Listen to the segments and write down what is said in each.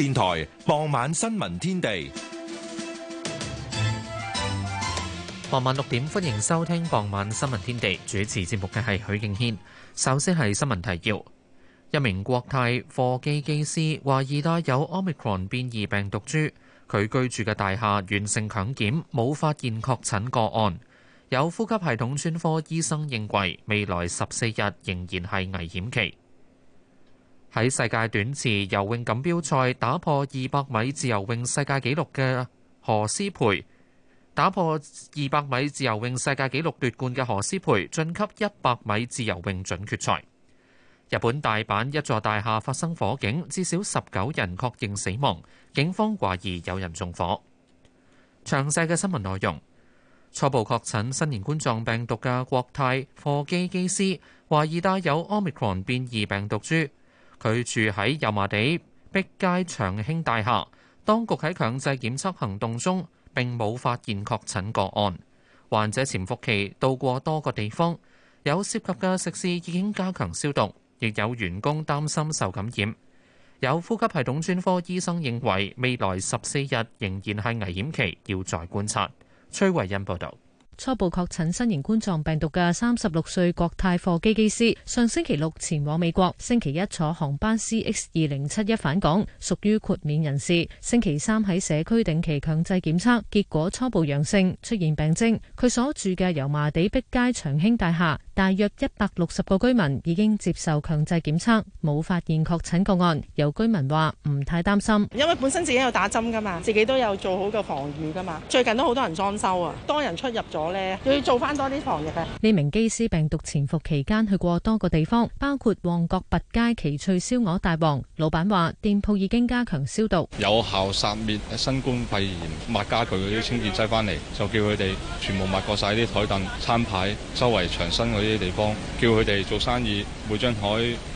電台傍晚新聞天地，傍晚六點歡迎收聽傍晚新聞天地。主持節目嘅係許敬軒。首先係新聞提要：一名國泰貨機機師懷疑帶有 Omicron 變異病毒株，佢居住嘅大廈完成強檢，冇發現確診個案。有呼吸系統專科醫生認為，未來十四日仍然係危險期。喺世界短池游泳錦標賽打破二百米自由泳世界紀錄嘅何思培，打破二百米自由泳世界紀錄奪冠嘅何思培晉級一百米自由泳準決賽。日本大阪一座大廈發生火警，至少十九人確認死亡，警方懷疑有人縱火。詳細嘅新聞內容，初步確診新型冠狀病毒嘅國泰貨機機師懷疑帶有 omicron 變異病毒株。佢住喺油麻地碧街長興大廈，當局喺強制檢測行動中並冇發現確診個案。患者潛伏期到過多個地方，有涉及嘅食肆已經加強消毒，亦有員工擔心受感染。有呼吸系統專科醫生認為，未來十四日仍然係危險期，要再觀察。崔慧欣報道。初步確診新型冠狀病毒嘅三十六歲國泰貨機機師，上星期六前往美國，星期一坐航班 CX 二零七一返港，屬於豁免人士。星期三喺社區定期強制檢測，結果初步陽性，出現病徵。佢所住嘅油麻地碧街長興大廈。大約一百六十個居民已經接受強制檢測，冇發現確診個案。有居民話唔太擔心，因為本身自己有打針噶嘛，自己都有做好個防禦噶嘛。最近都好多人裝修啊，多人出入咗呢。要做翻多啲防疫啊。呢名機師病毒潛伏期間去過多個地方，包括旺角拔街奇趣燒鵝大王。老闆話店鋪已經加強消毒，有效殺滅新冠肺炎，抹傢具嗰啲清潔劑翻嚟，就叫佢哋全部抹過晒啲台凳、餐牌、周圍牆身嗰啲。啲地方叫佢哋做生意，每張台。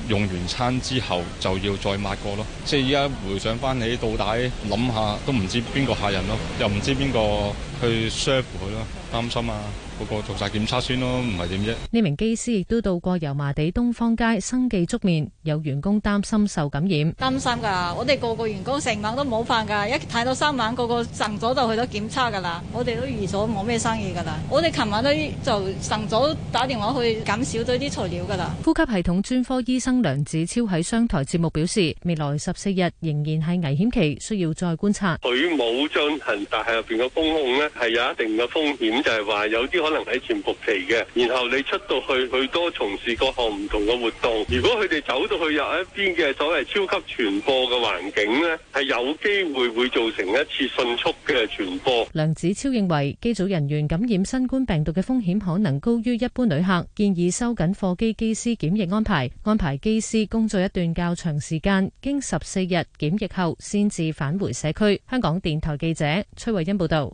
用完餐之後就要再抹過咯，即係依家回想翻你到底諗下都唔知邊個客人咯，又唔知邊個去 serve 佢咯，擔心啊，個個做晒檢測先咯，唔係點啫。呢名機師亦都到過油麻地東方街生記粥麵，有員工擔心受感染。擔心㗎，我哋個個員工成晚都冇飯噶，一睇到三晚個個晨早就去咗檢測噶啦，我哋都預咗冇咩生意噶啦。我哋琴晚都就晨早打電話去減少咗啲材料噶啦。呼吸系統專科醫生。梁子超喺商台節目表示，未來十四日仍然係危險期，需要再觀察。佢冇進行，但係入邊嘅風控咧係有一定嘅風險，就係話有啲可能喺潛伏期嘅。然後你出到去去多從事各項唔同嘅活動，如果佢哋走到去入一邊嘅所謂超級傳播嘅環境咧，係有機會會造成一次迅速嘅傳播。梁子超認為機組人員感染新冠病毒嘅風險可能高於一般旅客，建議收緊貨機機師檢疫安排安排。機師工作一段較長時間，經十四日檢疫後，先至返回社區。香港電台記者崔慧欣報道。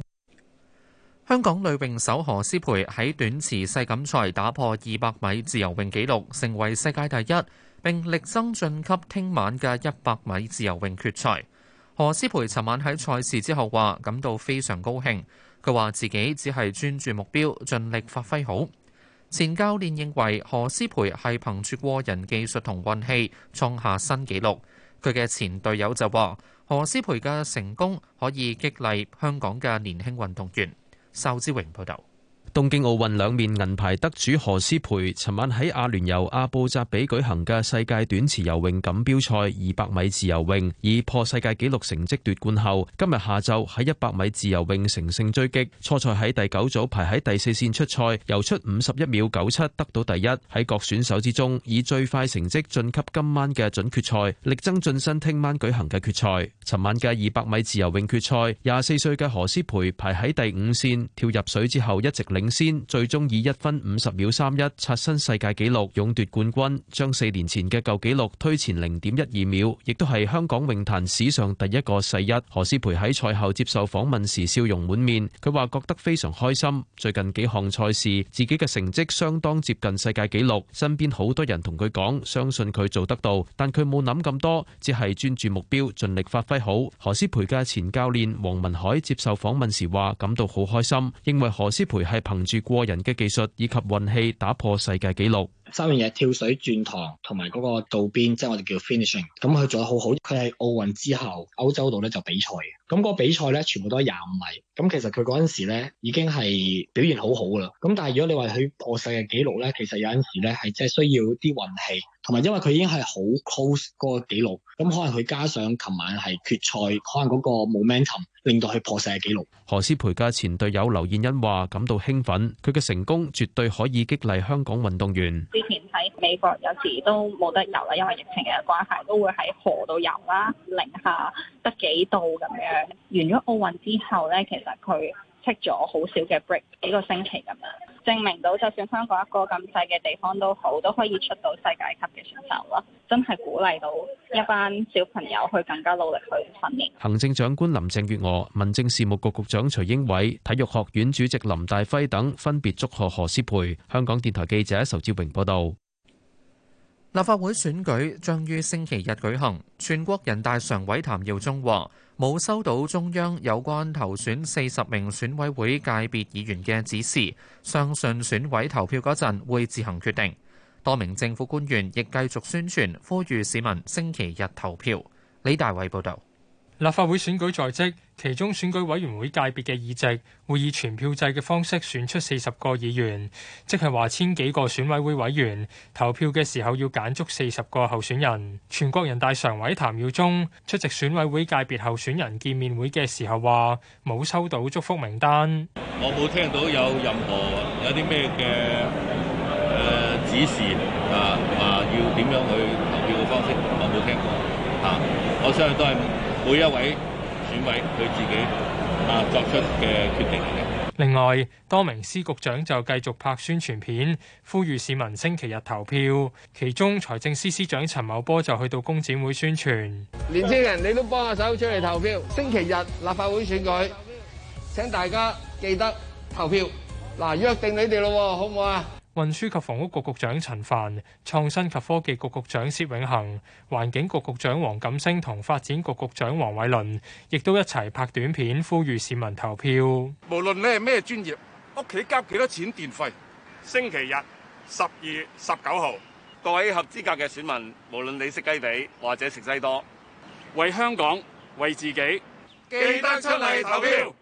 香港女泳手何詩蓓喺短池世錦賽打破二百米自由泳紀錄，成為世界第一，並力爭晉級聽晚嘅一百米自由泳決賽。何詩蓓尋晚喺賽事之後話，感到非常高興。佢話自己只係專注目標，盡力發揮好。前教練認為何詩蓓係憑住過人技術同運氣創下新紀錄。佢嘅前隊友就話：何詩蓓嘅成功可以激勵香港嘅年輕運動員。邵志榮報導。東京奧運兩面銀牌得主何詩蓓，尋晚喺阿聯酋阿布扎比舉行嘅世界短池游泳錦標賽二百米自由泳以破世界紀錄成績奪冠後，今日下晝喺一百米自由泳乘勝追擊，初賽喺第九組排喺第四線出賽，游出五十一秒九七，得到第一，喺各選手之中以最快成績晉級今晚嘅準決賽，力爭晉身聽晚舉行嘅決賽。尋晚嘅二百米自由泳決賽，廿四歲嘅何詩蓓排喺第五線，跳入水之後一直領。領先，最終以一分五十秒三一刷新世界紀錄，勇奪冠軍，將四年前嘅舊紀錄推前零點一二秒，亦都係香港泳壇史上第一個世一。何詩蓓喺賽後接受訪問時笑容滿面，佢話覺得非常開心。最近幾項賽事，自己嘅成績相當接近世界紀錄，身邊好多人同佢講，相信佢做得到，但佢冇諗咁多，只係專注目標，盡力發揮好。何詩蓓嘅前教練黃文海接受訪問時話，感到好開心，認為何詩蓓係。憑住過人嘅技術以及運氣打破世界紀錄，三樣嘢：跳水、轉塘同埋嗰個道邊，即係我哋叫 finishing。咁佢做得好好，佢係奧運之後歐洲度咧就比賽咁個比賽咧，全部都係廿五米。咁其實佢嗰陣時咧，已經係表現好好㗎啦。咁但係如果你話佢破世界紀錄咧，其實有陣時咧係即係需要啲運氣，同埋因為佢已經係好 close 嗰個紀錄，咁可能佢加上琴晚係決賽，可能嗰個 momentum 令到佢破世界紀錄。何詩蓓嘅前隊友劉燕欣話：感到興奮，佢嘅成功絕對可以激勵香港運動員。之前喺美國有時都冇得游啦，因為疫情嘅關係，都會喺河度游啦，零下得幾度咁樣。完咗奧運之後呢，其實佢息咗好少嘅 break 幾個星期咁樣，證明到就算香港一個咁細嘅地方都好，都可以出到世界級嘅選手咯。真係鼓勵到一班小朋友去更加努力去訓練。行政長官林鄭月娥、民政事務局局長徐英偉、體育學院主席林大輝等分別祝賀何詩蓓。香港電台記者仇志榮報導。立法會選舉將於星期日舉行，全國人大常委譚耀宗話。冇收到中央有關投選四十名選委會界別議員嘅指示，相信選委投票嗰陣會自行決定。多名政府官員亦繼續宣傳，呼籲市民星期日投票。李大偉報導。立法會選舉在即，其中選舉委員會界別嘅議席會以全票制嘅方式選出四十個議員，即係話千幾個選委會委員投票嘅時候要揀足四十個候選人。全國人大常委譚耀宗出席選委會界別候選人見面會嘅時候話：冇收到祝福名單，我冇聽到有任何有啲咩嘅指示啊，啊、啊、要點樣去投票嘅方式，我冇聽過啊。我相信都係。每一位選委佢自己啊作出嘅決定。另外，多名司局長就繼續拍宣傳片，呼籲市民星期日投票。其中財政司司長陳茂波就去到工展會宣傳。年輕人，你都幫下手出嚟投票。星期日立法會選舉，請大家記得投票。嗱，啊，約定你哋咯，好唔好啊？運輸及房屋局局長陳帆、創新及科技局局長薛永恒、環境局局長黃錦星同發展局局長黃偉綸，亦都一齊拍短片呼籲市民投票。無論你係咩專業，屋企交幾多錢電費，星期日十二月十九號，各位合資格嘅選民，無論你食雞髀或者食西多，為香港，為自己，記得出去投票。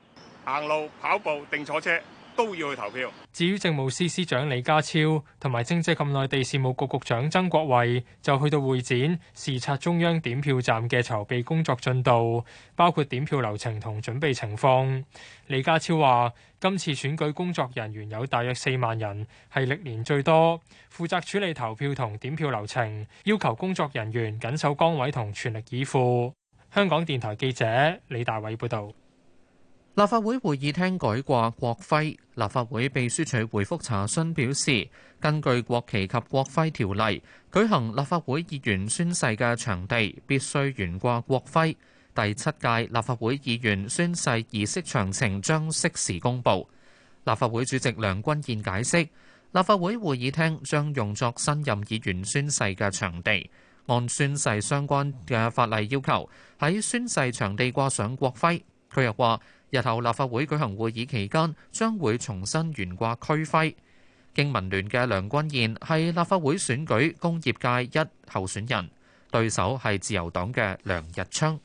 行路、跑步定坐車都要去投票。至於政務司司長李家超同埋政制及內地事務局局長曾國衛就去到會展視察中央點票站嘅籌備工作進度，包括點票流程同準備情況。李家超話：今次選舉工作人員有大約四萬人，係歷年最多，負責處理投票同點票流程，要求工作人員緊守崗位同全力以赴。香港電台記者李大偉報導。立法會會議廳改掛國徽。立法會秘書處回覆查詢表示，根據國旗及國徽條例，舉行立法會議員宣誓嘅場地必須懸掛國徽。第七屆立法會議員宣誓儀式詳情將適時公佈。立法會主席梁君彥解釋，立法會會議廳將用作新任議員宣誓嘅場地，按宣誓相關嘅法例要求，喺宣誓場地掛上國徽。佢又話：日後立法會舉行會議期間，將會重新懸掛區徽。經民聯嘅梁君彥係立法會選舉工業界一候選人，對手係自由黨嘅梁日昌。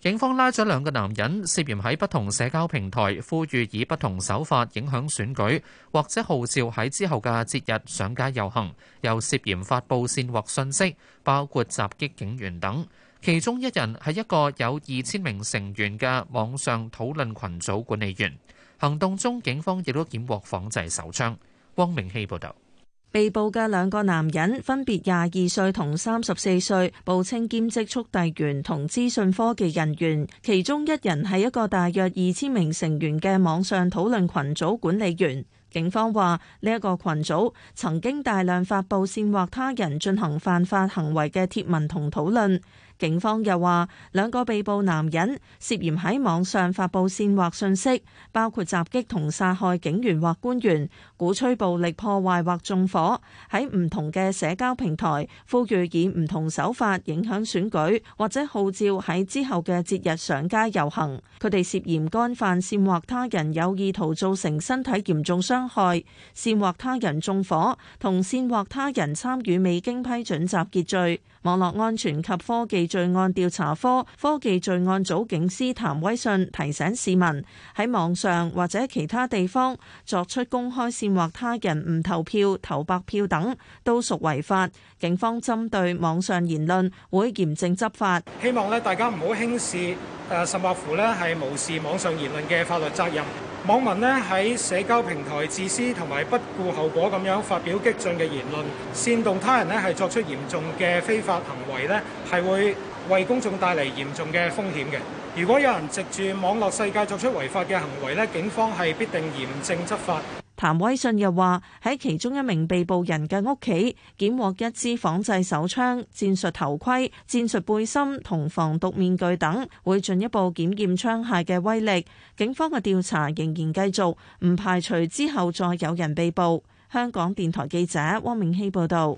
警方拉咗兩個男人，涉嫌喺不同社交平台呼籲以不同手法影響選舉，或者號召喺之後嘅節日上街遊行，又涉嫌發布煽惑信息，包括襲擊警員等。其中一人係一個有二千名成員嘅網上討論群組管理員。行動中，警方亦都檢獲仿製手槍。汪明熙報導，被捕嘅兩個男人分別廿二歲同三十四歲，報稱兼職速遞員同資訊科技人員。其中一人係一個大約二千名成員嘅網上討論群組管理員。警方話，呢一個群組曾經大量發布煽惑他人進行犯法行為嘅貼文同討論。警方又話，兩個被捕男人涉嫌喺網上發布煽惑信息，包括襲擊同殺害警員或官員、鼓吹暴力破壞或縱火，喺唔同嘅社交平台呼籲以唔同手法影響選舉，或者號召喺之後嘅節日上街遊行。佢哋涉嫌干犯煽惑他人有意圖造成身體嚴重傷害、煽惑他人縱火同煽惑他人參與未經批准集結罪。網絡安全及科技罪案調查科科技罪案組警司譚威信提醒市民喺網上或者其他地方作出公開煽惑他人唔投票、投白票等，都屬違法。警方針對網上言論會嚴正執法。希望咧大家唔好輕視誒，甚或乎咧係無視網上言論嘅法律責任。網民呢喺社交平台自私同埋不顧後果咁樣發表激進嘅言論，煽動他人呢係作出嚴重嘅非法行為呢，係會為公眾帶嚟嚴重嘅風險嘅。如果有人藉住網絡世界作出違法嘅行為呢，警方係必定嚴正執法。譚威信又話：喺其中一名被捕人嘅屋企，檢獲一支仿製手槍、戰術頭盔、戰術背心同防毒面具等，會進一步檢驗槍械嘅威力。警方嘅調查仍然繼續，唔排除之後再有人被捕。香港電台記者汪明熙報道：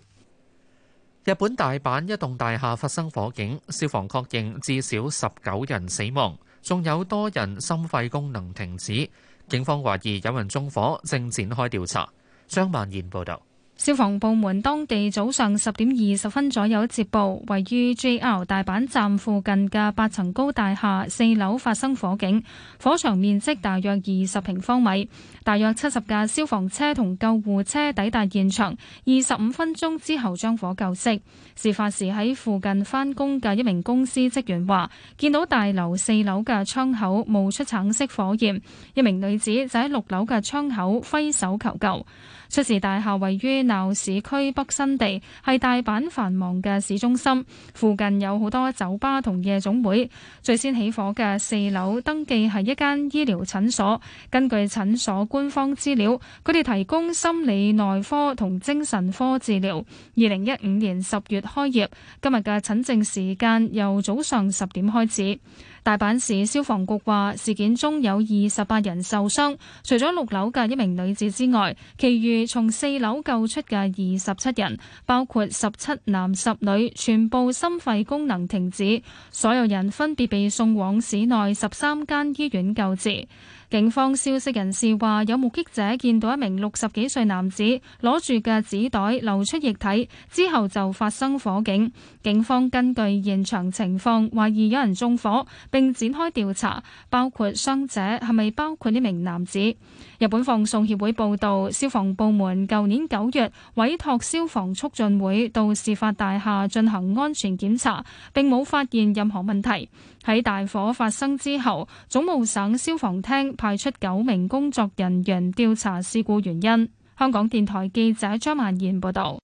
日本大阪一棟大廈發生火警，消防確認至少十九人死亡，仲有多人心肺功能停止。警方懷疑有人縱火，正展開調查。張萬賢報導。消防部門當地早上十點二十分左右接報，位於 JR 大阪站附近嘅八層高大廈四樓發生火警，火場面積大約二十平方米，大約七十架消防車同救護車抵達現場，二十五分鐘之後將火救熄。事發時喺附近返工嘅一名公司職員話，見到大樓四樓嘅窗口冒出橙色火焰，一名女子就喺六樓嘅窗口揮手求救。出事大廈位於鬧市區北新地，係大阪繁忙嘅市中心，附近有好多酒吧同夜總會。最先起火嘅四樓，登記係一間醫療診所。根據診所官方資料，佢哋提供心理內科同精神科治療。二零一五年十月開業，今日嘅診症時間由早上十點開始。大阪市消防局話，事件中有二十八人受傷，除咗六樓嘅一名女子之外，其餘從四樓救出嘅二十七人，包括十七男十女，全部心肺功能停止，所有人分別被送往市內十三間醫院救治。警方消息人士話，有目擊者見到一名六十幾歲男子攞住嘅紙袋流出液體之後就發生火警，警方根據現場情況懷疑有人縱火。並展開調查，包括傷者係咪包括呢名男子？日本放送協會報道，消防部門舊年九月委託消防促進會到事發大廈進行安全檢查，並冇發現任何問題。喺大火發生之後，總務省消防廳派出九名工作人員調查事故原因。香港電台記者張萬賢報道。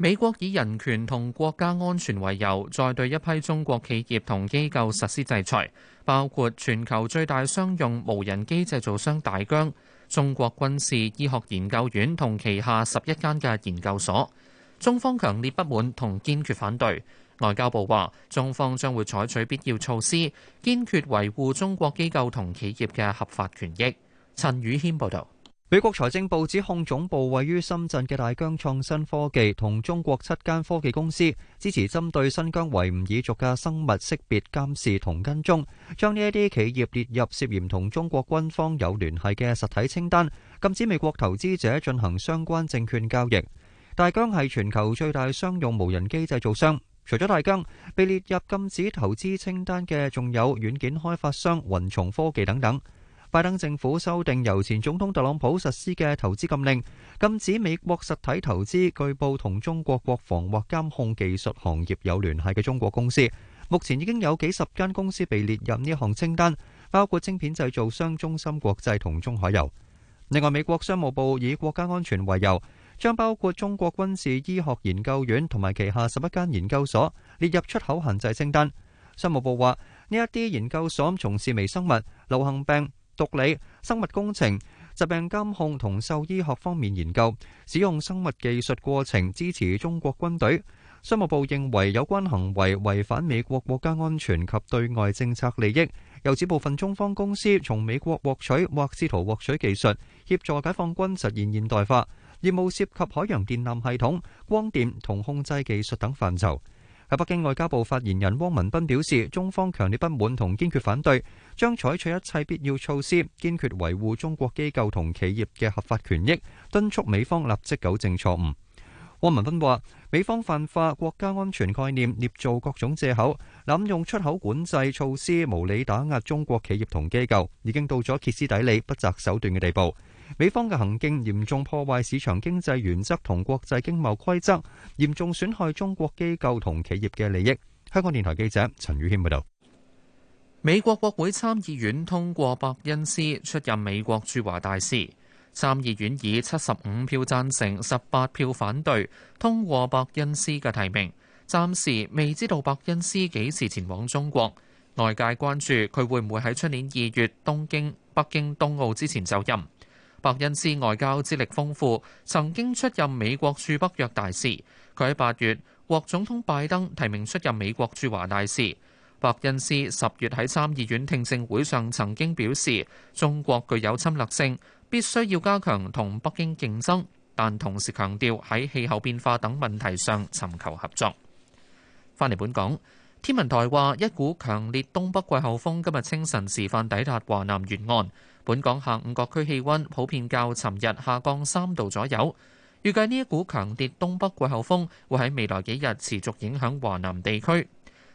美國以人權同國家安全為由，再對一批中國企業同機構實施制裁，包括全球最大商用無人機製造商大疆、中國軍事醫學研究院同旗下十一間嘅研究所。中方強烈不滿同堅決反對。外交部話，中方將會採取必要措施，堅決維護中國機構同企業嘅合法權益。陳宇軒報導。美國財政部指控總部位於深圳嘅大疆創新科技同中國七間科技公司支持針對新疆維吾爾族嘅生物識別監視同跟蹤，將呢啲企業列入涉嫌同中國軍方有聯繫嘅實體清單，禁止美國投資者進行相關證券交易。大疆係全球最大商用無人機製造商。除咗大疆被列入禁止投資清單嘅仲有軟件開發商、雲松科技等等。拜登政府修訂由前總統特朗普實施嘅投資禁令，禁止美國實體投資據報同中國國防或監控技術行業有聯繫嘅中國公司。目前已經有幾十間公司被列入呢項清單，包括晶片製造商中芯國際同中海油。另外，美國商務部以國家安全為由，將包括中國軍事醫學研究院同埋旗下十一間研究所列入出口限制清單。商務部話，呢一啲研究所從事微生物、流行病、毒理、生物工程、疾病監控同獸醫學方面研究，使用生物技術過程支持中國軍隊。商務部認為有關行為違反美國國家安全及對外政策利益，又指部分中方公司從美國獲取或試圖獲取技術，協助解放軍實現現代化。業務涉及海洋電纜系統、光電同控制技術等範疇。喺北京外交部發言人汪文斌表示，中方強烈不滿同堅決反對，將採取一切必要措施，堅決維護中國機構同企業嘅合法權益，敦促美方立即糾正錯誤。汪文斌話：美方泛化國家安全概念，捏造各種藉口，濫用出口管制措施，無理打壓中國企業同機構，已經到咗歇斯底里、不擇手段嘅地步。美方嘅行徑嚴重破壞市場經濟原則同國際經貿規則，嚴重損害中國機構同企業嘅利益。香港電台記者陳宇軒報導。美國國會參議院通過伯恩斯出任美國駐華大使。參議院以七十五票贊成、十八票反對通過伯恩斯嘅提名。暫時未知道伯恩斯幾時前往中國。外界關注佢會唔會喺出年二月東京、北京冬奧之前就任。白恩斯外交資歷豐富，曾經出任美國駐北約大使。佢喺八月獲總統拜登提名出任美國駐華大使。白恩斯十月喺參議院聽證會上曾經表示，中國具有侵略性，必須要加強同北京競爭，但同時強調喺氣候變化等問題上尋求合作。翻嚟本港。天文台話一股強烈東北季候風今日清晨時分抵達華南沿岸，本港下午各區氣溫普遍較尋日下降三度左右。預計呢一股強烈東北季候風會喺未來幾日持續影響華南地區。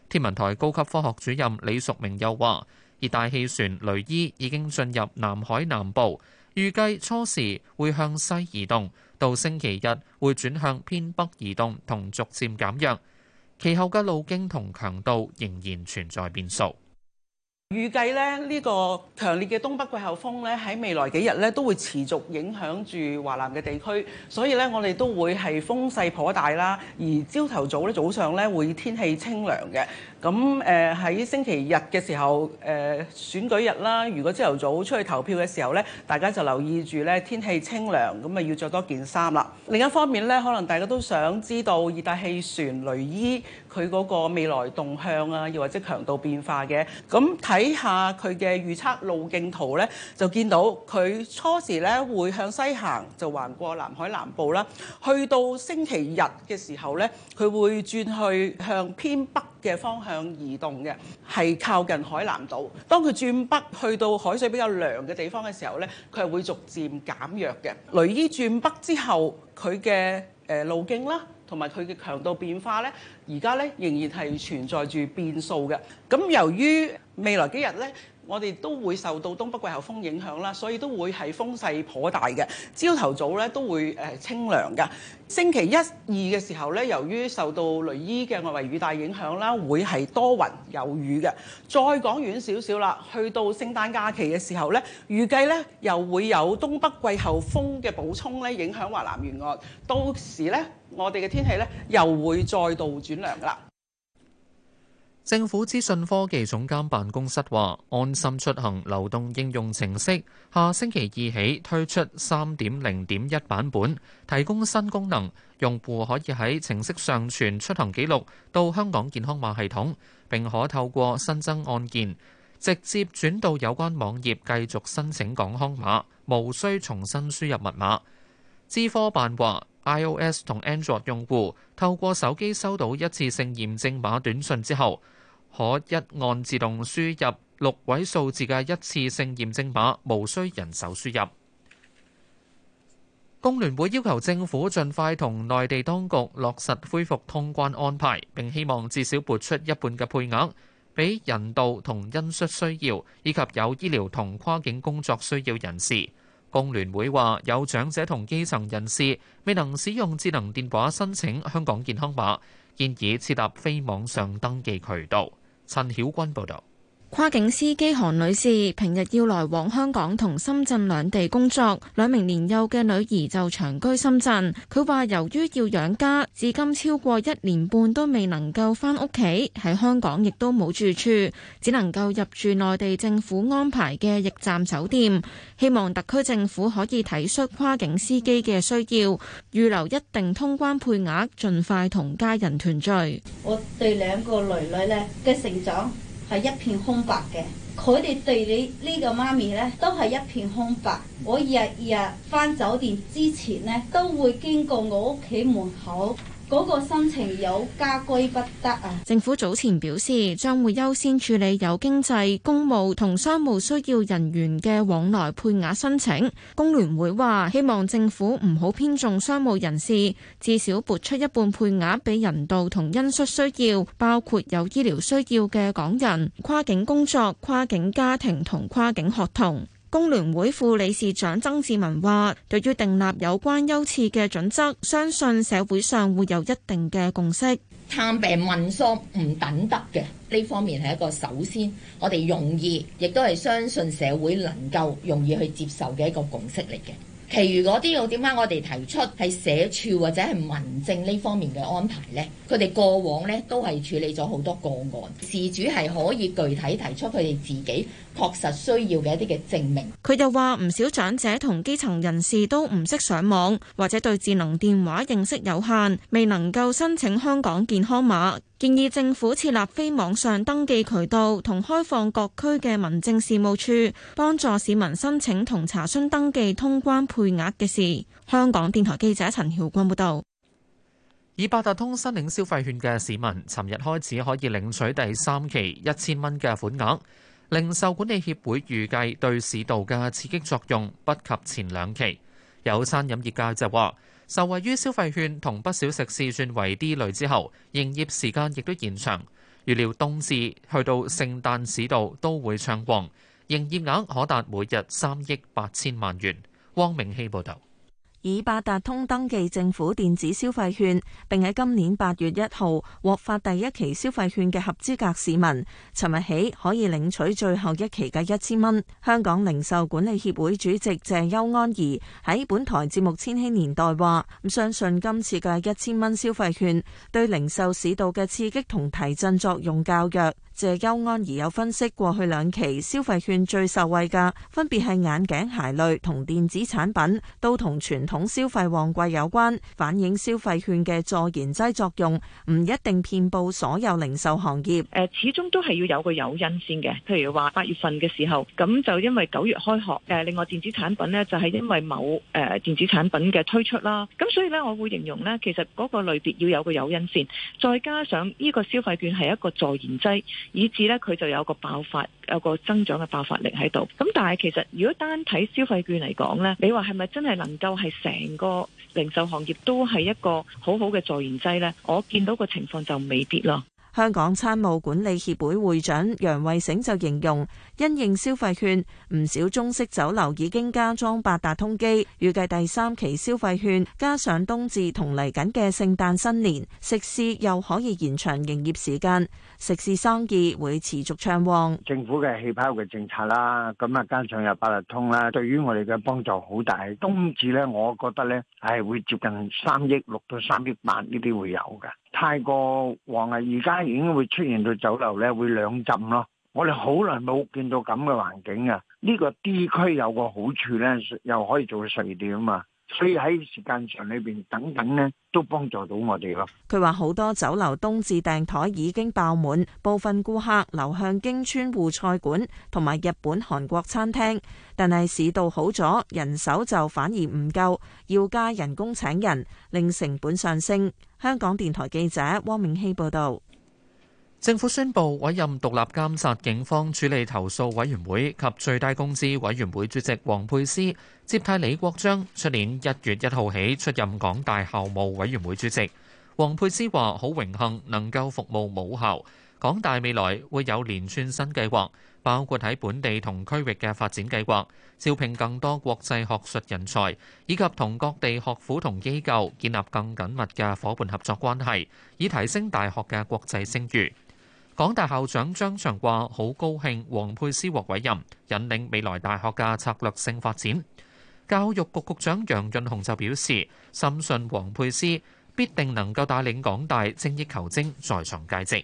天文台高級科學主任李淑明又話熱帶氣旋雷伊已經進入南海南部，預計初時會向西移動，到星期日會轉向偏北移動同逐漸減弱。其後嘅路徑同強度仍然存在變數。預計咧呢個強烈嘅東北季候風咧，喺未來幾日咧都會持續影響住華南嘅地區，所以咧我哋都會係風勢頗大啦。而朝頭早咧，早上咧會天氣清涼嘅，咁誒喺星期日嘅時候誒、呃、選舉日啦，如果朝頭早出去投票嘅時候咧，大家就留意住咧，天氣清涼，咁啊要着多件衫啦。另一方面咧，可能大家都想知道熱帶氣旋雷伊。佢嗰個未來動向啊，又或者強度變化嘅，咁睇下佢嘅預測路徑圖咧，就見到佢初時咧會向西行，就橫過南海南部啦。去到星期日嘅時候咧，佢會轉去向偏北嘅方向移動嘅，係靠近海南島，當佢轉北去到海水比較涼嘅地方嘅時候咧，佢係會逐漸減弱嘅。雷伊轉北之後，佢嘅誒路徑啦。同埋佢嘅強度變化呢，而家呢仍然係存在住變數嘅。咁由於未來幾日呢，我哋都會受到東北季候風影響啦，所以都會係風勢頗大嘅。朝頭早呢，都會誒清涼㗎。星期一、二嘅時候呢，由於受到雷伊嘅外圍雨帶影響啦，會係多雲有雨嘅。再講遠少少啦，去到聖誕假期嘅時候呢，預計呢又會有東北季候風嘅補充呢，影響華南沿岸，到時呢。我哋嘅天氣咧，又會再度轉涼噶啦。政府資訊科技總監辦公室話：安心出行流動應用程式下星期二起推出3.0.1版本，提供新功能，用戶可以喺程式上傳出行記錄到香港健康碼系統，並可透過新增按鍵直接轉到有關網頁繼續申請港康碼，無需重新輸入密碼。資科辦話。iOS 同 Android 用戶透過手機收到一次性驗證碼短訊之後，可一按自動輸入六位數字嘅一次性驗證碼，無需人手輸入。工聯會要求政府盡快同內地當局落實恢復通關安排，並希望至少撥出一半嘅配額俾人道同恩恤需要，以及有醫療同跨境工作需要人士。工聯會話，有長者同基層人士未能使用智能電話申請香港健康碼，建議設立非網上登記渠道。陳曉君報導。跨境司機韓女士平日要來往香港同深圳兩地工作，兩名年幼嘅女兒就長居深圳。佢話由於要養家，至今超過一年半都未能夠返屋企，喺香港亦都冇住處，只能夠入住內地政府安排嘅驛站酒店。希望特區政府可以體恤跨境司機嘅需要，預留一定通關配額，盡快同家人團聚。我哋兩個女女咧嘅成長，係一片空白嘅，佢哋對你這個呢個媽咪咧都係一片空白。我日日翻酒店之前咧，都會經過我屋企門口。嗰個申請有家歸不得啊！政府早前表示，將會優先處理有經濟、公務同商務需要人員嘅往來配額申請，工聯會話希望政府唔好偏重商務人士，至少撥出一半配額俾人道同恩恤需要，包括有醫療需要嘅港人、跨境工作、跨境家庭同跨境學童。工聯會副理事長曾志文話：對於訂立有關優次嘅準則，相信社會上會有一定嘅共識。探病問喪唔等得嘅，呢方面係一個首先我哋容易，亦都係相信社會能夠容易去接受嘅一個共識嚟嘅。其餘嗰啲又點解我哋提出係社署或者係民政呢方面嘅安排呢？佢哋過往呢都係處理咗好多個案，事主係可以具體提出佢哋自己。確實需要嘅一啲嘅證明。佢又話：唔少長者同基層人士都唔識上網，或者對智能電話認識有限，未能夠申請香港健康碼。建議政府設立非網上登記渠道，同開放各區嘅民政事務處，幫助市民申請同查詢登記通關配額嘅事。香港電台記者陳曉君報道。以八達通申領消費券嘅市民，尋日開始可以領取第三期一千蚊嘅款額。零售管理協會預計對市道嘅刺激作用不及前兩期，有餐飲業界就話受惠於消費券同不少食肆轉為 D 類之後，營業時間亦都延長，預料冬至去到聖誕市道都會暢旺，營業額可達每日三億八千萬元。汪明希報導。以八達通登記政府電子消費券，並喺今年八月一號獲發第一期消費券嘅合資格市民，尋日起可以領取最後一期嘅一千蚊。香港零售管理協會主席謝邱安儀喺本台節目《千禧年代》話，相信今次嘅一千蚊消費券對零售市道嘅刺激同提振作用較弱。謝丘安儀有分析過去兩期消費券最受惠嘅，分別係眼鏡鞋類同電子產品，都同傳統消費旺季有關，反映消費券嘅助燃劑作用，唔一定遍佈所有零售行業。誒，始終都係要有個誘因先嘅。譬如話八月份嘅時候，咁就因為九月開學。誒，另外電子產品呢，就係因為某誒電子產品嘅推出啦。咁所以呢，我會形容呢，其實嗰個類別要有個誘因先，再加上呢個消費券係一個助燃劑。以致咧佢就有個爆發，有個增長嘅爆發力喺度。咁但係其實如果單睇消費券嚟講咧，你話係咪真係能夠係成個零售行業都係一個好好嘅助燃劑咧？我見到個情況就未必囉。香港餐務管理協會會長楊位醒就形容，因應消費券，唔少中式酒樓已經加裝八達通機。預計第三期消費券加上冬至同嚟緊嘅聖誕新年，食肆又可以延長營業時間，食肆生意會持續暢旺。政府嘅氣泡嘅政策啦，咁啊加上有八達通啦，對於我哋嘅幫助好大。冬至呢，我覺得呢係會接近三億六到三億八呢啲會有㗎。太過旺啊！而家已經會出現到酒樓咧會兩浸咯，我哋好耐冇見到咁嘅環境啊！呢個 D 區有個好處咧，又可以做十二點啊嘛。所以喺時間上裏邊等等咧，都幫助到我哋咯。佢話好多酒樓冬至訂枱已經爆滿，部分顧客流向京川滬菜館同埋日本韓國餐廳，但係市道好咗，人手就反而唔夠，要加人工請人，令成本上升。香港電台記者汪明希報道。政府宣布委任獨立監察警方處理投訴委員會及最低工資委員會主席王佩斯接替李國章出年一月一號起出任港大校務委員會主席王佩斯話好榮幸能夠服務母校港大未來會有連串新計劃包括在本地同區域的發展計劃招聘更多國際學術人才以及同各地學府同機構建立更緊密的夥伴合作關係以提升大學的國際聲譽港大校長張翔話：好高興，王沛詩獲委任，引領未來大學嘅策略性發展。教育局局長楊潤雄就表示，深信王沛詩必定能夠帶領港大精益求精，再創佳績。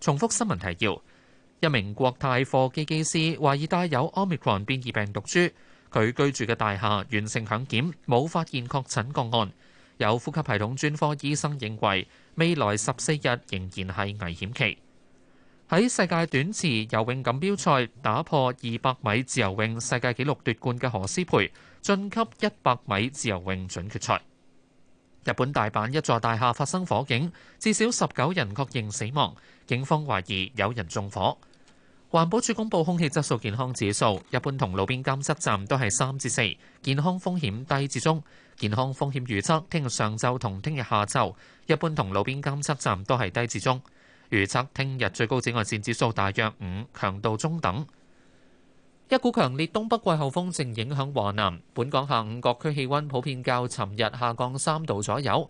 重複新聞提要：一名國泰貨機機師懷疑帶有 Omicron 變異病毒株，佢居住嘅大廈完成強檢，冇發現確診個案。有呼吸系統專科醫生認為，未來十四日仍然係危險期。喺世界短池游泳錦標賽打破二百米自由泳世界紀錄奪冠嘅何詩蓓晉級一百米自由泳準決賽。日本大阪一座大廈發生火警，至少十九人確認死亡，警方懷疑有人縱火。環保署公布空氣質素健康指數，一般同路邊監測站都係三至四，健康風險低至中。健康風險預測聽日上晝同聽日下晝，一般同路邊監測站都係低至中。預測聽日最高紫外線指數大約五，強度中等。一股強烈東北季候風正影響華南，本港下午各區氣温普遍較尋日下降三度左右。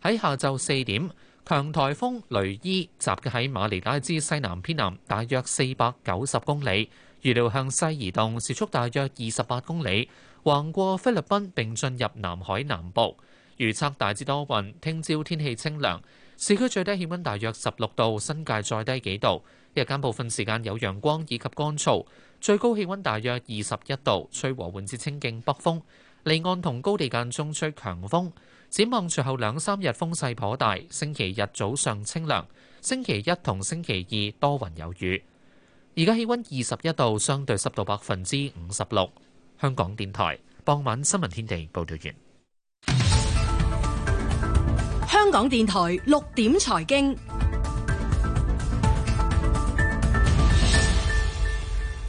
喺下晝四點，強颱風雷伊襲擊喺馬尼拉之西南偏南，大約四百九十公里，預料向西移動，時速大約二十八公里，橫過菲律賓並進入南海南部。預測大致多雲，聽朝天氣清涼。市區最低氣温大約十六度，新界再低幾度。日間部分時間有陽光以及乾燥，最高氣温大約二十一度，吹和緩至清勁北風。離岸同高地間中吹強風。展望隨後兩三日風勢頗大，星期日早上清涼，星期一同星期二多雲有雨。而家氣温二十一度，相對濕度百分之五十六。香港電台傍晚新聞天地報導完。香港電台六點財經，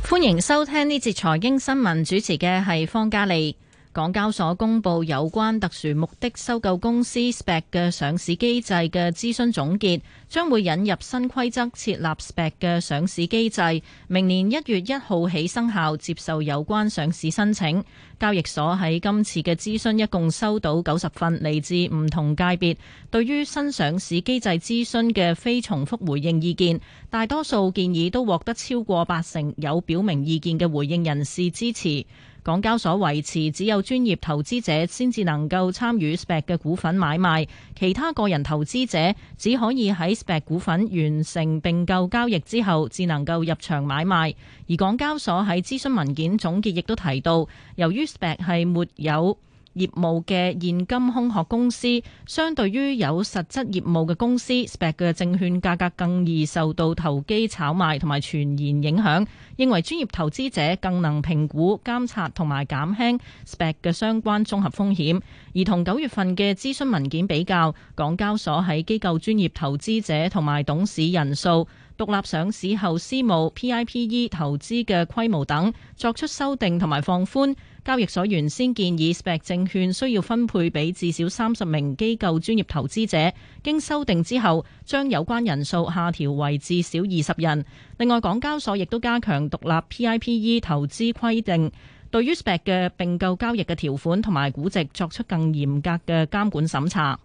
歡迎收聽呢節財經新聞，主持嘅係方嘉莉。港交所公布有關特殊目的收購公司 Spec 嘅上市機制嘅諮詢總結，將會引入新規則設立 Spec 嘅上市機制，明年一月一號起生效，接受有關上市申請。交易所喺今次嘅諮詢一共收到九十份嚟自唔同界別，對於新上市機制諮詢嘅非重複回應意見，大多數建議都獲得超過八成有表明意見嘅回應人士支持。港交所維持只有專業投資者先至能夠參與 Spec 嘅股份買賣，其他個人投資者只可以喺 Spec 股份完成並購交易之後，至能夠入場買賣。而港交所喺諮詢文件總結亦都提到，由於 Spec 係沒有業務嘅現金空殼公司，相對於有實質業務嘅公司，SPAC 嘅證券價格更易受到投機炒賣同埋傳言影響。認為專業投資者更能評估、監察同埋減輕 SPAC 嘅相關綜合風險。而同九月份嘅諮詢文件比較，港交所喺機構專業投資者同埋董事人數、獨立上市後私募 PIPE 投資嘅規模等作出修訂同埋放寬。交易所原先建議 SPAC 證券需要分配俾至少三十名機構專業投資者，經修訂之後，將有關人數下調為至少二十人。另外，港交所亦都加強獨立 PIPE 投資規定，對於 SPAC 嘅併購交易嘅條款同埋估值作出更嚴格嘅監管審查。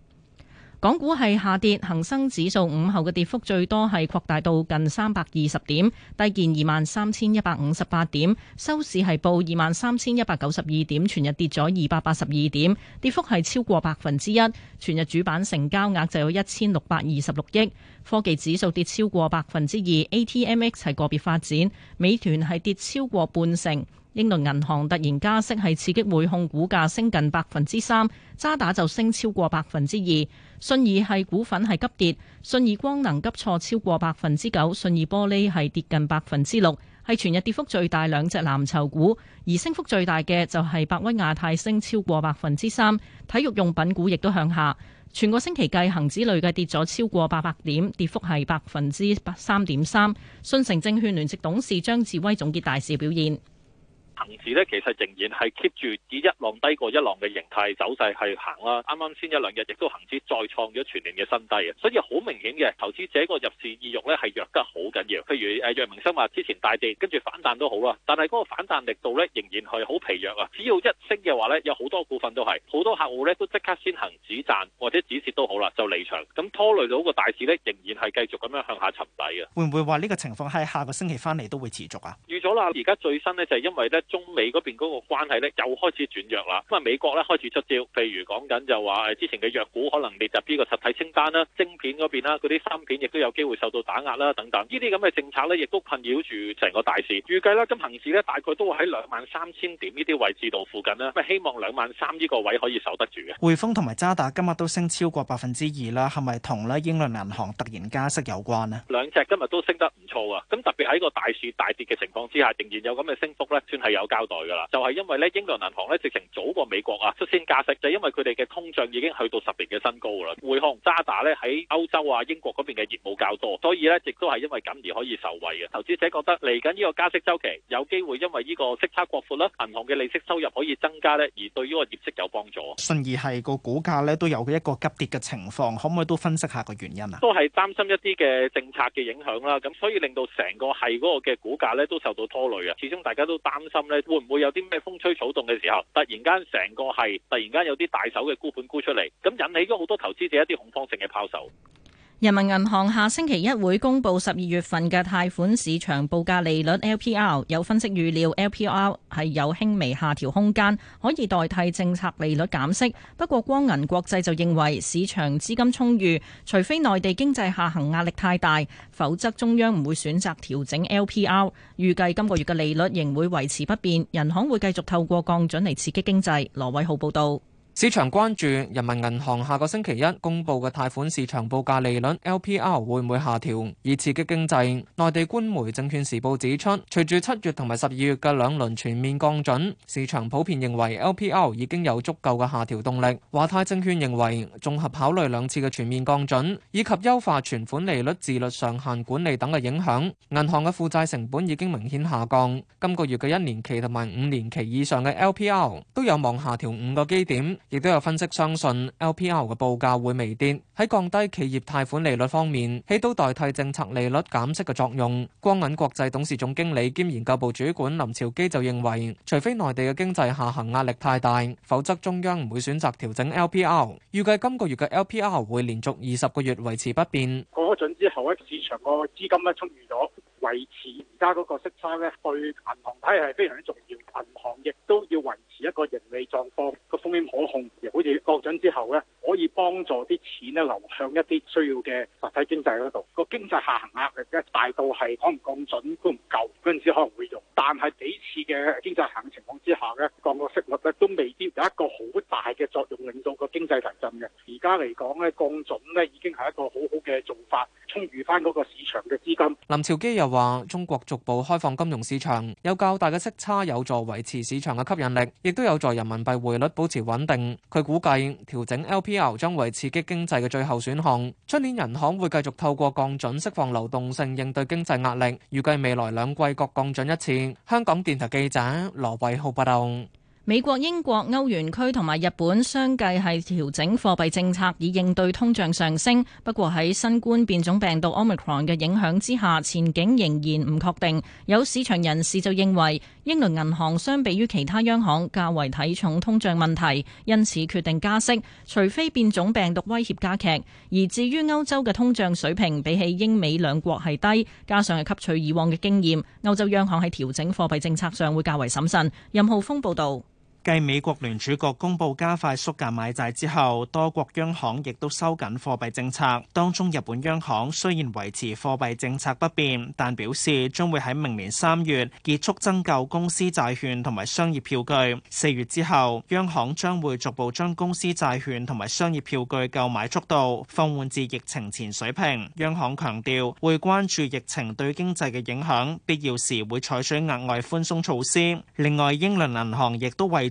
港股係下跌，恒生指數午後嘅跌幅最多係擴大到近三百二十點，低見二萬三千一百五十八點，收市係報二萬三千一百九十二點，全日跌咗二百八十二點，跌幅係超過百分之一。全日主板成交額就有一千六百二十六億。科技指數跌超過百分之二，ATMX 係個別發展，美團係跌超過半成，英倫銀行突然加息係刺激匯控股價升近百分之三，渣打就升超過百分之二。信義係股份係急跌，信義光能急挫超過百分之九，信義玻璃係跌近百分之六，係全日跌幅最大兩隻藍籌股。而升幅最大嘅就係百威亞太升超過百分之三，體育用品股亦都向下。全個星期計，恒指累計跌咗超過八百點，跌幅係百分之三點三。信誠證券聯席董事張智威總結大市表現。同時咧，其實仍然係 keep 住以一浪低過一浪嘅形態走勢去行啦、啊。啱啱先一兩日亦都行至再創咗全年嘅新低啊！所以好明顯嘅投資者個入市意欲咧係弱得好緊要。譬如誒楊明生話之前大跌，跟住反彈都好啦，但係嗰個反彈力度咧仍然係好疲弱啊！只要一升嘅話咧，有好多股份都係好多客戶咧都即刻先行止賺或者止蝕都好啦，就離場。咁拖累到個大市咧，仍然係繼續咁樣向下沉底嘅。會唔會話呢個情況喺下，下個星期翻嚟都會持續啊？預咗啦，而家最新咧就係因為咧。中美嗰邊嗰個關係咧又開始轉弱啦，咁啊美國咧開始出招，譬如講緊就話誒之前嘅藥股可能列入呢個實體清單啦，晶片嗰邊啦，嗰啲芯片亦都有機會受到打壓啦，等等。呢啲咁嘅政策咧，亦都困擾住成個大市。預計咧今恆指咧大概都會喺兩萬三千點呢啲位置度附近啦。咁希望兩萬三呢個位可以守得住嘅。匯豐同埋渣打今日都升超過百分之二啦，係咪同咧英倫銀行突然加息有關呢？兩隻今日都升得唔錯啊！咁特別喺個大市大跌嘅情況之下，仍然有咁嘅升幅咧，算係有。交代噶啦，就係、是、因為咧，英國銀行咧直情早過美國啊，率先加息，就係、是、因為佢哋嘅通脹已經去到十年嘅新高啦。匯控渣打咧喺歐洲啊、英國嗰邊嘅業務較多，所以咧亦都係因為咁而可以受惠嘅。投資者覺得嚟緊呢個加息周期，有機會因為呢個息差擴闊啦，銀行嘅利息收入可以增加咧，而對呢個業績有幫助。信義系個股價咧都有嘅一個急跌嘅情況，可唔可以都分析下個原因啊？都係擔心一啲嘅政策嘅影響啦，咁所以令到成個系嗰個嘅股價咧都受到拖累啊。始終大家都擔心咧。會唔會有啲咩風吹草動嘅時候，突然間成個系突然間有啲大手嘅沽盤沽出嚟，咁引起咗好多投資者一啲恐慌性嘅拋售。人民銀行下星期一會公布十二月份嘅貸款市場報價利率 LPR，有分析預料 LPR 係有輕微下調空間，可以代替政策利率減息。不過光銀國際就認為市場資金充裕，除非內地經濟下行壓力太大，否則中央唔會選擇調整 LPR。預計今個月嘅利率仍會維持不變，人行會繼續透過降準嚟刺激經濟。羅偉浩報道。市場關注人民銀行下個星期一公布嘅貸款市場報價利率 （LPR） 會唔會下調，以刺激經濟。內地官媒《證券時報》指出，隨住七月同埋十二月嘅兩輪全面降準，市場普遍認為 LPR 已經有足夠嘅下調動力。華泰證券認為，綜合考慮兩次嘅全面降準，以及優化存款利率、自律上限管理等嘅影響，銀行嘅負債成本已經明顯下降。今個月嘅一年期同埋五年期以上嘅 LPR 都有望下調五個基點。亦都有分析相信 LPR 嘅報價會微跌，喺降低企業貸款利率方面，起到代替政策利率減息嘅作用。光銀國際董事總經理兼研究部主管林朝基就認為，除非內地嘅經濟下行壓力太大，否則中央唔會選擇調整 LPR。預計今個月嘅 LPR 會連續二十個月維持不變。降咗準之後，呢市場個資金呢出現咗。維持而家嗰個息差咧，對銀行體系非常之重要。銀行亦都要維持一個盈利狀況，個風險可控。又好似降準之後咧，可以幫助啲錢咧流向一啲需要嘅實體經濟嗰度。個經濟下行壓力咧，大到係可能降準都唔夠。嗰陣時可能會用，但係幾次嘅經濟下行情況之下咧，降個息率咧都未必有一個好大嘅作用，令到個經濟提振嘅。而家嚟講咧，降準咧已經係一個好好嘅做法。充裕翻嗰個市場嘅資金。林朝基又話中國逐步開放金融市場，有較大嘅息差，有助維持市場嘅吸引力，亦都有助人民幣匯率保持穩定。佢估計調整 LPR 將為刺激經濟嘅最後選項，出年銀行會繼續透過降準釋放流動性，應對經濟壓力，預計未來兩季各降準一次。香港電台記者羅偉浩報道。美國、英國、歐元區同埋日本相繼係調整貨幣政策，以應對通脹上升。不過喺新冠變種病毒 Omicron 嘅影響之下，前景仍然唔確定。有市場人士就認為，英倫銀行相比於其他央行較為睇重通脹問題，因此決定加息，除非變種病毒威脅加劇。而至於歐洲嘅通脹水平比起英美兩國係低，加上係吸取以往嘅經驗，歐洲央行喺調整貨幣政策上會較為審慎。任浩峰報道。繼美國聯儲局公布加快縮減買債之後，多國央行亦都收緊貨幣政策。當中，日本央行雖然維持貨幣政策不變，但表示將會喺明年三月結束增購公司債券同埋商業票據。四月之後，央行將會逐步將公司債券同埋商業票據購買速度放緩至疫情前水平。央行強調會關注疫情對經濟嘅影響，必要時會採取額外寬鬆措施。另外，英倫銀行亦都為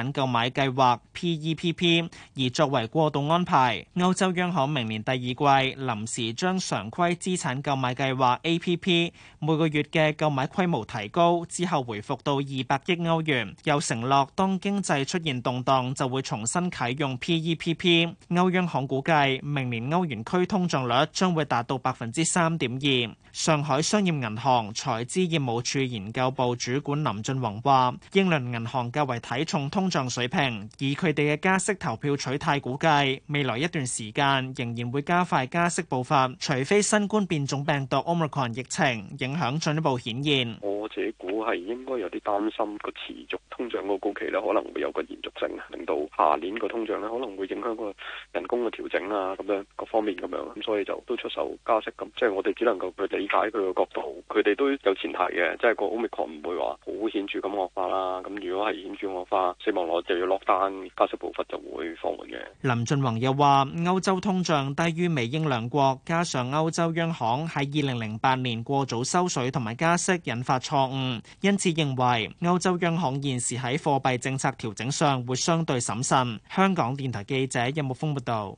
產購買計劃 P.E.P.P.，而作為過渡安排，歐洲央行明年第二季臨時將常規資產購買計劃 A.P.P. 每個月嘅購買規模提高之後回復到二百億歐元，又承諾當經濟出現動盪就會重新啓用 P.E.P.P.。歐央行估計明年歐元區通脹率將會達到百分之三點二。上海商業銀行財資業務處研究部主管林俊宏話：英倫銀行較為體重通。通脹水平，以佢哋嘅加息投票取態估計未來一段時間仍然會加快加息步伐，除非新冠變種病毒 omicron 疫情影響進一步顯現。我自己估係應該有啲擔心個持續通脹個高企咧，可能會有個延續性，令到下年個通脹咧，可能會影響個人工嘅調整啊，咁樣各方面咁樣，咁所以就都出手加息咁。即係我哋只能夠去理解佢嘅角度，佢哋都有前提嘅，即係個 omicron 唔會話好顯著咁惡化啦。咁如果係顯著惡化，希望我就要落單加速步伐就會放緩嘅。林俊宏又話：歐洲通脹低於美英兩國，加上歐洲央行喺二零零八年過早收水同埋加息，引發錯誤，因此認為歐洲央行現時喺貨幣政策調整上會相對審慎。香港電台記者任木峰報道。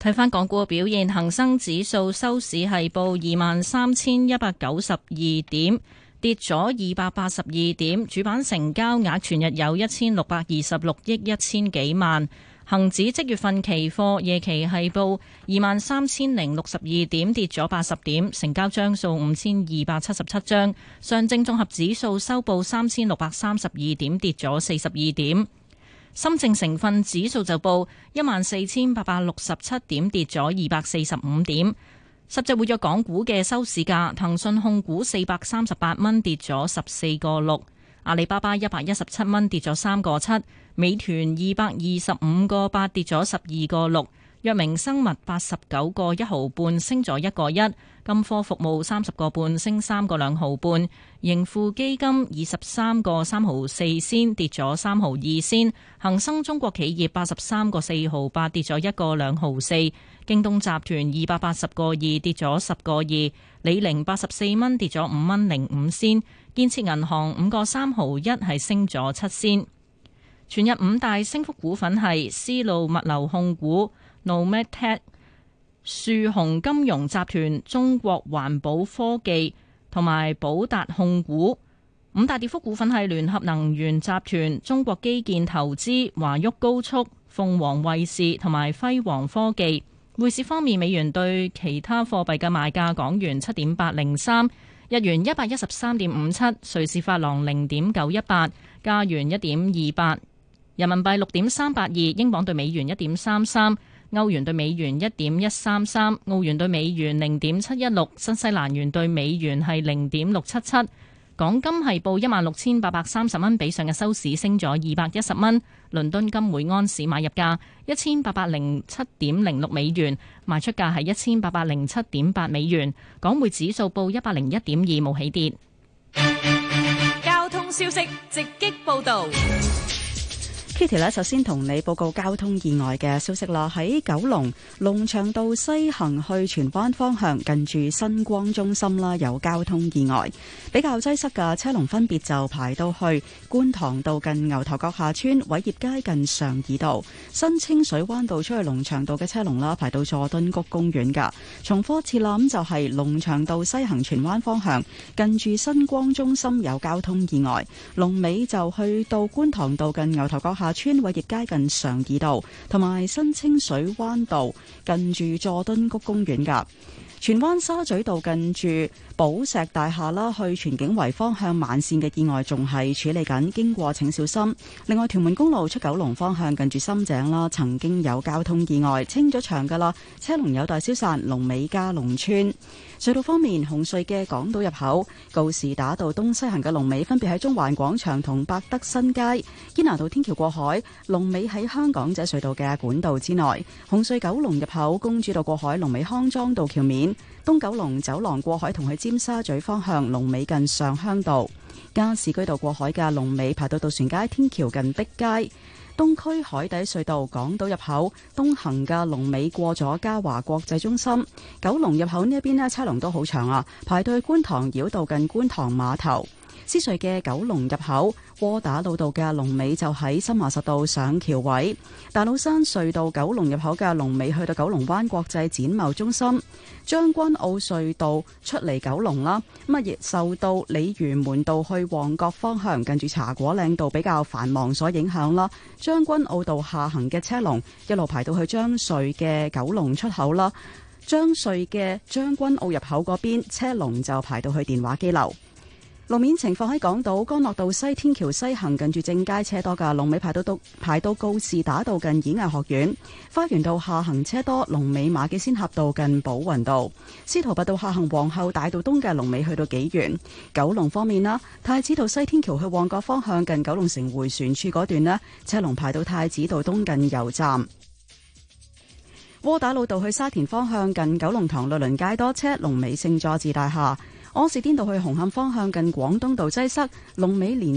睇翻港股嘅表現，恒生指數收市係報二萬三千一百九十二點。跌咗二百八十二點，主板成交額全日有一千六百二十六億一千幾萬。恒指即月份期貨夜期係報二萬三千零六十二點，跌咗八十點，成交張數五千二百七十七張。上證綜合指數收報三千六百三十二點，跌咗四十二點。深證成分指數就報一萬四千八百六十七點，跌咗二百四十五點。十隻活躍港股嘅收市價，騰訊控股四百三十八蚊跌咗十四個六，阿里巴巴一百一十七蚊跌咗三個七，美團二百二十五個八跌咗十二個六，藥明生物八十九個一毫半升咗一個一。金科服務三十個半升三個兩毫半，盈富基金二十三個三毫四仙跌咗三毫二仙，恒生中國企業八十三個四毫八跌咗一個兩毫四，京東集團二百八十個二跌咗十個二，李寧八十四蚊跌咗五蚊零五仙，建設銀行五個三毫一係升咗七仙。全日五大升幅股份係絲路物流控股、Nomad Tech。樹紅金融集團、中國環保科技同埋寶達控股。五大跌幅股份係聯合能源集團、中國基建投資、華旭高速、鳳凰衛視同埋輝煌科技。匯市方面，美元對其他貨幣嘅賣價：港元七點八零三，日元一百一十三點五七，瑞士法郎零點九一八，加元一點二八，人民幣六點三八二，英鎊對美元一點三三。歐元對美元一點一三三，澳元對美元零點七一六，新西蘭元對美元係零點六七七。港金係報一萬六千八百三十蚊，比上日收市升咗二百一十蚊。倫敦金每安士買入價一千八百零七點零六美元，賣出價係一千八百零七點八美元。港匯指數報一百零一點二，冇起跌。交通消息直擊報道。Kitty 咧，Katie，首先同你報告交通意外嘅消息啦。喺九龍龍翔道西行去荃灣方向，近住新光中心啦，有交通意外，比較擠塞嘅車龍分別就排到去觀塘道近牛頭角下村偉業街近常怡道、新清水灣道出去龍翔道嘅車龍啦，排到佐敦谷公園噶。從科一諗就係龍翔道西行荃灣方向，近住新光中心有交通意外，龍尾就去到觀塘道近牛頭角下。村偉業街近常義道，同埋新清水灣道近住佐敦谷公園噶，荃灣沙咀道近住寶石大廈啦，去荃景圍方向慢線嘅意外仲係處理緊，經過請小心。另外，屯門公路出九龍方向近住深井啦，曾經有交通意外，清咗場噶啦，車龍有待消散，龍尾加龍村。隧道方面，紅隧嘅港島入口告士打道東西行嘅龍尾分別喺中環廣場同百德新街；堅拿道天橋過海龍尾喺香港仔隧道嘅管道之內；紅隧九龍入口公主道過海龍尾康莊道橋面；東九龍走廊過海同去尖沙咀方向龍尾近上鄉道。加士居道過海嘅龍尾排到渡船街天橋近碧街，東區海底隧道港島入口東行嘅龍尾過咗嘉華國際中心，九龍入口呢一邊咧車龍都好長啊，排到觀塘繞道近觀塘碼頭。獅隧嘅九龍入口，窩打老道嘅龍尾就喺深華十道上橋位；大老山隧道九龍入口嘅龍尾去到九龍灣國際展貿中心；將軍澳隧道出嚟九龍啦，咁啊亦受到鯉魚門道去旺角方向近住茶果嶺道比較繁忙所影響啦；將軍澳道下行嘅車龍一路排到去將隧嘅九龍出口啦；將隧嘅將軍澳入口嗰邊車龍就排到去電話機樓。路面情況喺港島干諾道西天橋西行，近住正街車多㗎，龍尾排到都排到告士打道，近演藝學院花園道下行車多，龍尾馬己仙峽道近寶雲道。司徒拔道下行皇后大道東嘅龍尾去到幾遠？九龍方面啦，太子道西天橋去旺角方向近九龍城迴旋處嗰段咧，車龍排到太子道東近油站，窩打老道去沙田方向近九龍塘律倫街多車，龍尾聖佐治大廈。柯士甸道去紅磡方向，近廣東道擠塞，龍尾連。